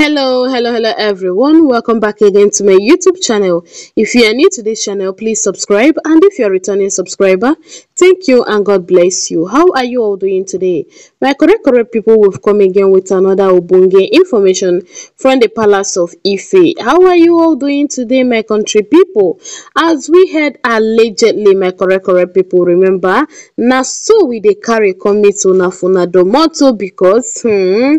hello hello hello everyone welcome back again to my youtube channel if you are new to this channel please subscribe and if you're a returning subscriber Thank you and God bless you. How are you all doing today? My correct correct people, we've come again with another Obunge information from the Palace of Ife. How are you all doing today, my country people? As we had allegedly, my correct correct people, remember, now so we dey carry commit una funa domoto because hmm,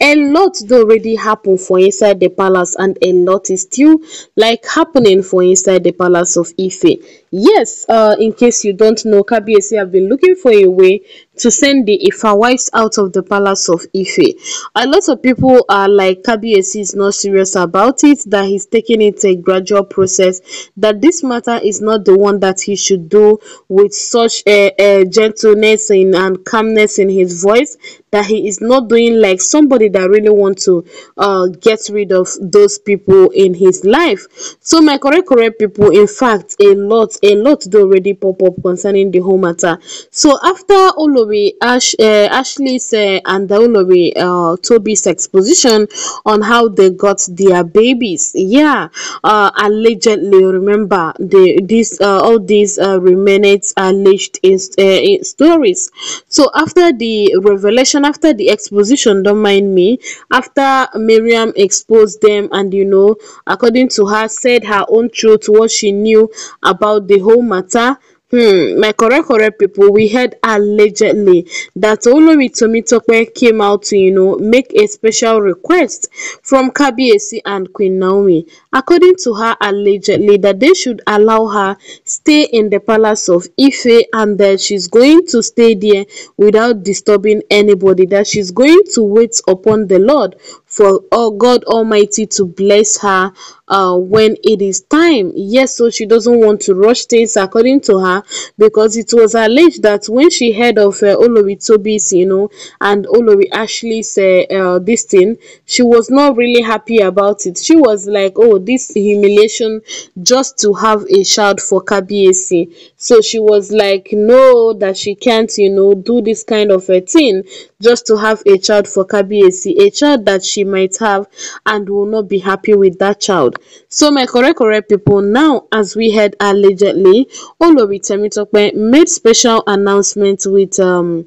a lot already happened for inside the palace and a lot is still like happening for inside the Palace of Ife. Yes, uh, in case you don't know, Kabiyesi have been looking for a way to send the Ifa wives out of the palace of Ife. A lot of people are like Kabiesi is not serious about it, that he's taking it a gradual process, that this matter is not the one that he should do with such a, a gentleness in, and calmness in his voice, that he is not doing like somebody that really wants to uh, get rid of those people in his life. So my correct correct people, in fact, a lot, a lot do already pop up concerning the whole matter. So after all of Daulary, Ash, uh, eh, Ashley's uh, and Daulary uh, Toby's exposition on how they got their babies. Yeah, uh, allegedly, remember, the, this, uh, all these uh, remained alleged in, uh, in stories. So after the revelation, after the exposition, don't mind me, after Miriam exposed them and, you know, according to her, said her own truth, what she knew about the whole matter, Hmm, my correct correct people, we heard allegedly that Olori Tope came out to, you know, make a special request from Kabiesi and Queen Naomi. According to her, allegedly that they should allow her stay in the palace of Ife and that she's going to stay there without disturbing anybody, that she's going to wait upon the Lord for oh, God Almighty to bless her uh, when it is time. Yes, so she doesn't want to rush things according to her because it was alleged that when she heard of uh, Olori Tobi's, you know, and Olori Ashley's uh, uh, this thing, she was not really happy about it. She was like, oh, this humiliation just to have a child for KBAC. So she was like, no, that she can't, you know, do this kind of a thing just to have a child for KBAC, a child that she she might have and will not be happy with that child. So my correct correct people, now as we heard allegedly, Olori Temitope made special announcement with um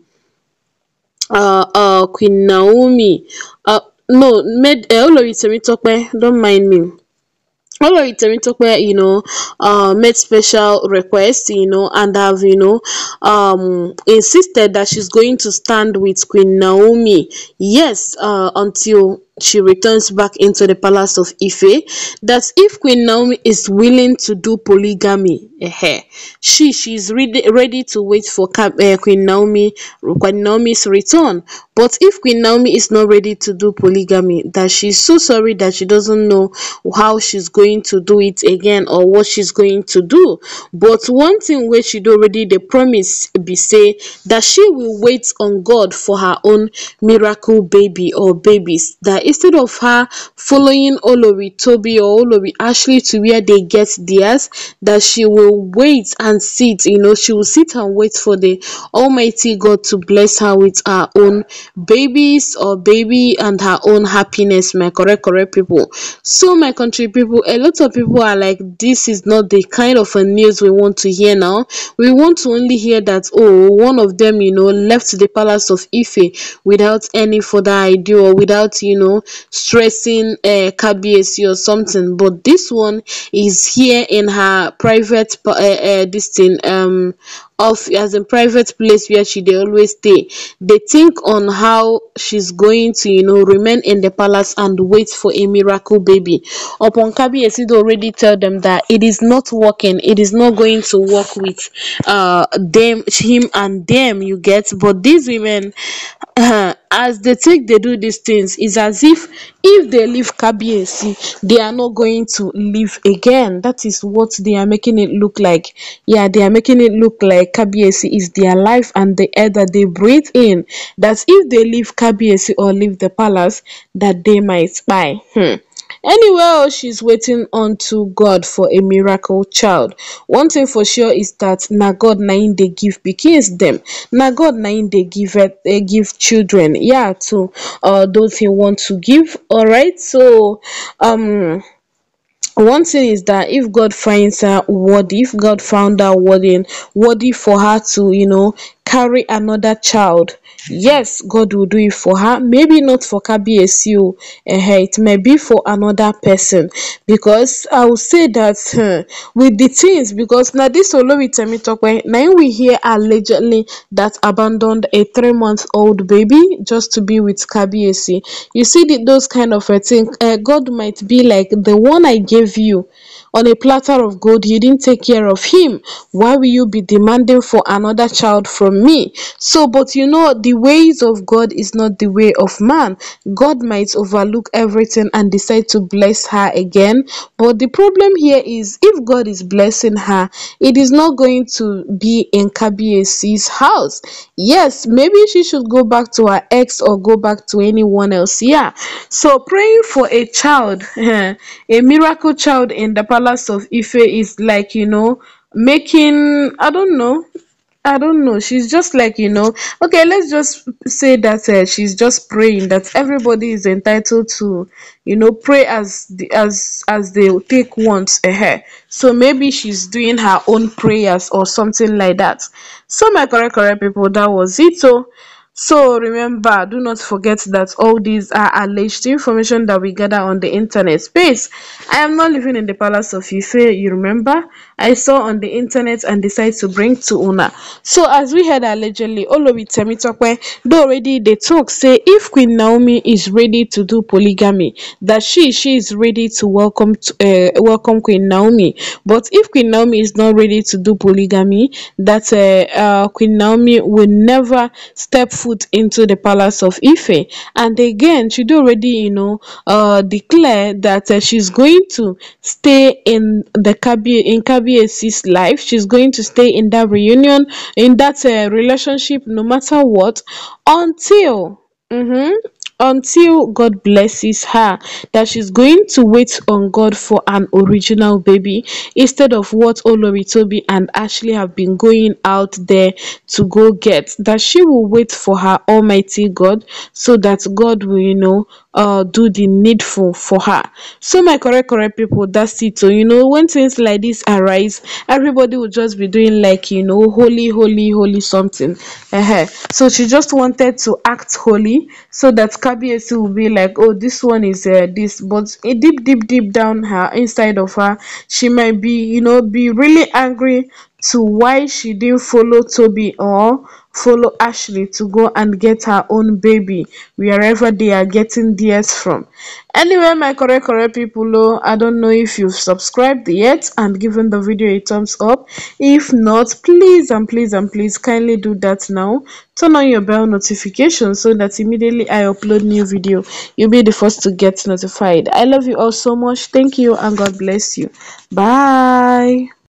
uh uh Queen Naomi. Uh no, made uh, eh, Olori Temitope, don't mind me talk where you know, uh, made special requests, you know, and have, you know, um, insisted that she's going to stand with Queen Naomi. Yes, uh, until she returns back into the palace of Ife, that if Queen Naomi is willing to do polygamy, eh, she is ready, ready to wait for uh, Queen Naomi Queen Naomi's return. But if Queen Naomi is not ready to do polygamy, that she's so sorry that she doesn't know how she's going to do it again or what she's going to do. But one thing which she already the promise be say that she will wait on God for her own miracle baby or babies that instead of her following olori toby or olori ashley to where they get theirs that she will wait and sit you know she will sit and wait for the almighty god to bless her with her own babies or baby and her own happiness my correct correct people so my country people a lot of people are like this is not the kind of a news we want to hear now we want to only hear that oh one of them you know left the palace of ife without any further idea or without you know know stressing uh, Kabiyesi or something but this one is here in her private uh, uh, this thing um of as a private place where she they always stay they think on how she's going to you know remain in the palace and wait for a miracle baby upon kabi Esid already tell them that it is not working it is not going to work with uh them him and them you get but these women as they take they do these things. is as if if they leave Kabiyesi they are not going to live again that is what they are making it look like yeah they are making it look like Kabiyesi is their life and the air that they breathe in that if they leave Kabiyesi or leave the palace that they might die anyway she's waiting to god for a miracle child one thing for sure is that na god na im dey give pikins them na god na im dey give eh, children yeah to uh, those he want to give alright so um one thing is that if God finds her worthy, if God found her worthy, worthy for her to, you know, carry another child yes god will do it for her maybe not for KBSU, uh, oh, eh, it may be for another person because i will say that uh, with the things because now this me talk when now we hear allegedly that abandoned a three month old baby just to be with KBSU. you see the, those kind of a thing uh, god might be like the one i gave you on a platter of gold you didn't take care of him why will you be demanding for another child from me so but you know the ways of god is not the way of man god might overlook everything and decide to bless her again but the problem here is if god is blessing her it is not going to be in kabiesi's house yes maybe she should go back to her ex or go back to anyone else yeah so praying for a child a miracle child in the palace Palace of Ife is like, you know, making, I don't know, I don't know. She's just like, you know, okay, let's just say that uh, she's just praying that everybody is entitled to, you know, pray as the, as as they take once ahead. so maybe she's doing her own prayers or something like that. So my correct correct people, that was it. So so remember, do not forget that all these are alleged information that we gather on the internet space. I am not living in the palace of Ife, you remember? I saw on the internet and decided to bring to una. So as we heard allegedly, Olori Temitope, though already they talk say if Queen Naomi is ready to do polygamy, that she she is ready to welcome to, uh, eh, welcome Queen Naomi. But if Queen Naomi is not ready to do polygamy, that uh, uh, Queen Naomi will never step foot into the palace of Ife. And again, she do already, you know, uh, declare that eh, she's going to stay in the cabin in cabin kabiyesi's life she's going to stay in that reunion in that uh, relationship no matter what until mm-hmm, until God blesses her that she's going to wait on God for an original baby instead of what Olori Toby and Ashley have been going out there to go get that she will wait for her almighty God so that God will you know uh do the needful for her so my correct correct people that's it so you know when things like this arise everybody will just be doing like you know holy holy holy something uh-huh. so she just wanted to act holy so that kbsc will be like oh this one is uh, this but deep deep deep down her inside of her she might be you know be really angry to why she didn't follow toby or follow Ashley to go and get her own baby wherever they are getting theirs from. Anyway, my correct correct people, oh, I don't know if you've subscribed yet and given the video a thumbs up. If not, please and please and please kindly do that now. Turn on your bell notification so that immediately I upload new video, you'll be the first to get notified. I love you all so much. Thank you and God bless you. Bye.